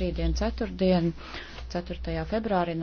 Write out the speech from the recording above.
rītdien ceturtdien, 4. februārī no